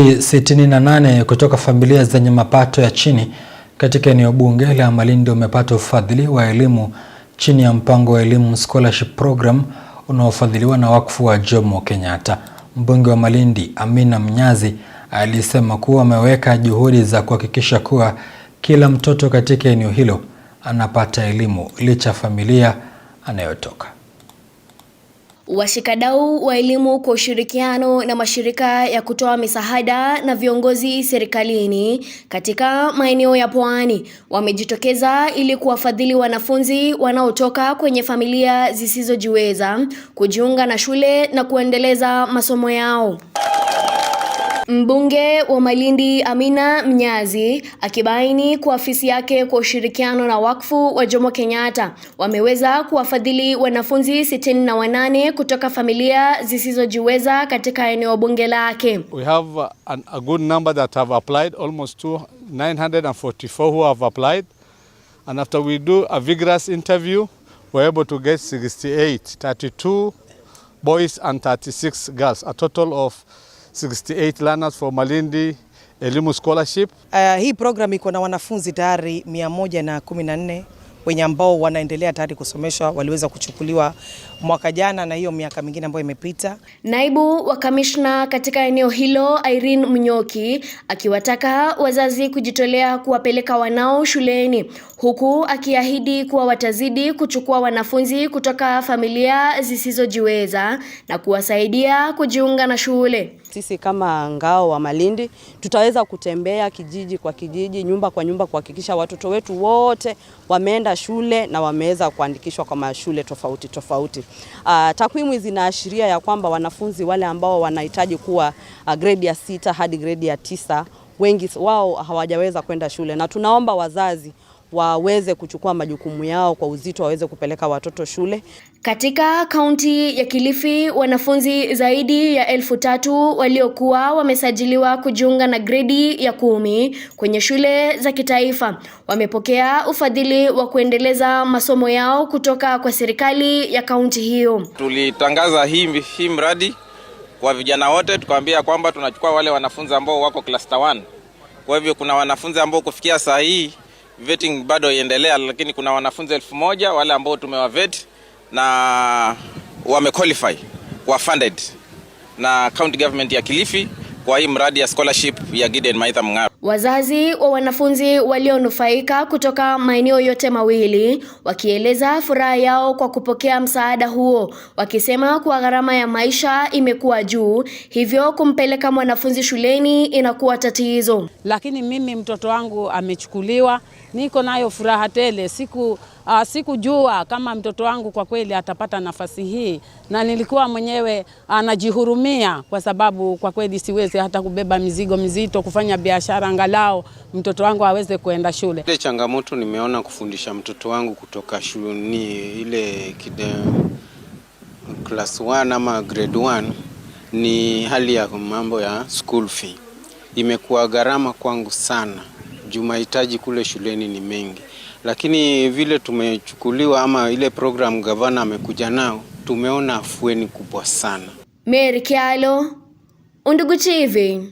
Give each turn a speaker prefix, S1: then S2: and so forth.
S1: 68 kutoka familia zenye mapato ya chini katika eneo bunge la Malindi wamepata ufadhili wa elimu chini ya mpango wa elimu scholarship program unaofadhiliwa na wakfu wa Jomo Kenyatta. Mbunge wa Malindi Amina Mnyazi alisema kuwa ameweka juhudi za kuhakikisha kuwa kila mtoto katika eneo hilo anapata elimu licha familia anayotoka.
S2: Washikadau wa elimu kwa ushirikiano na mashirika ya kutoa misaada na viongozi serikalini katika maeneo ya Pwani wamejitokeza ili kuwafadhili wanafunzi wanaotoka kwenye familia zisizojiweza kujiunga na shule na kuendeleza masomo yao. Mbunge wa Malindi Amina Mnyazi akibaini kuwa afisi yake kwa ushirikiano na wakfu wa Jomo Kenyatta wameweza kuwafadhili wanafunzi sitini na wanane kutoka familia zisizojiweza katika eneo bunge lake.
S3: We have an, a good number that have applied almost two, 944 who have applied and after we do a vigorous interview we're able to get 68 32 boys and 36 girls a total of 68 learners for Malindi Elimu Scholarship.
S4: Uh, hii program iko na wanafunzi tayari 114 wenye ambao wanaendelea tayari kusomeshwa waliweza kuchukuliwa mwaka jana na hiyo miaka mingine ambayo imepita.
S2: Naibu wa kamishna katika eneo hilo Irene Mnyoki akiwataka wazazi kujitolea kuwapeleka wanao shuleni huku akiahidi kuwa watazidi kuchukua wanafunzi kutoka familia zisizojiweza na kuwasaidia kujiunga na shule.
S4: Sisi kama ngao wa Malindi tutaweza kutembea kijiji kwa kijiji, nyumba kwa nyumba kuhakikisha watoto wetu wote wameenda shule na wameweza kuandikishwa kwa mashule tofauti tofauti. Uh, takwimu zinaashiria ya kwamba wanafunzi wale ambao wanahitaji kuwa uh, grade ya sita hadi grade ya tisa wengi wao hawajaweza kwenda shule, na tunaomba wazazi waweze kuchukua majukumu yao kwa uzito, waweze kupeleka watoto shule.
S2: Katika kaunti ya Kilifi, wanafunzi zaidi ya elfu tatu waliokuwa wamesajiliwa kujiunga na gredi ya kumi kwenye shule za kitaifa wamepokea ufadhili wa kuendeleza masomo yao kutoka kwa serikali ya kaunti hiyo.
S5: Tulitangaza hii, hii mradi kwa vijana wote, tukawaambia kwamba tunachukua wale wanafunzi ambao wako cluster 1. Kwa hivyo kuna wanafunzi ambao kufikia saa hii vetting bado iendelea, lakini kuna wanafunzi elfu moja wale ambao tumewavet na wamequalify wa funded na county government ya Kilifi kwa hii mradi ya scholarship ya Gideon Maitha Mng'aro.
S2: Wazazi wa wanafunzi walionufaika kutoka maeneo yote mawili wakieleza furaha yao kwa kupokea msaada huo, wakisema kuwa gharama ya maisha imekuwa juu, hivyo kumpeleka mwanafunzi shuleni inakuwa tatizo.
S4: Lakini mimi mtoto wangu amechukuliwa, niko nayo furaha tele. Siku uh, sikujua kama mtoto wangu kwa kweli atapata nafasi hii, na nilikuwa mwenyewe anajihurumia ah, uh, kwa sababu kwa kweli siwezi jinsi hata kubeba mizigo mizito, kufanya biashara, angalau mtoto wangu aweze kuenda shule. Ile
S6: changamoto nimeona kufundisha mtoto wangu kutoka shule ni ile kide class 1 ama grade 1 ni hali ya mambo ya school fee imekuwa gharama kwangu sana juu mahitaji kule shuleni ni mengi, lakini vile tumechukuliwa ama ile program gavana amekuja nao, tumeona afueni kubwa sana.
S2: Mary Kyalo Undugu TV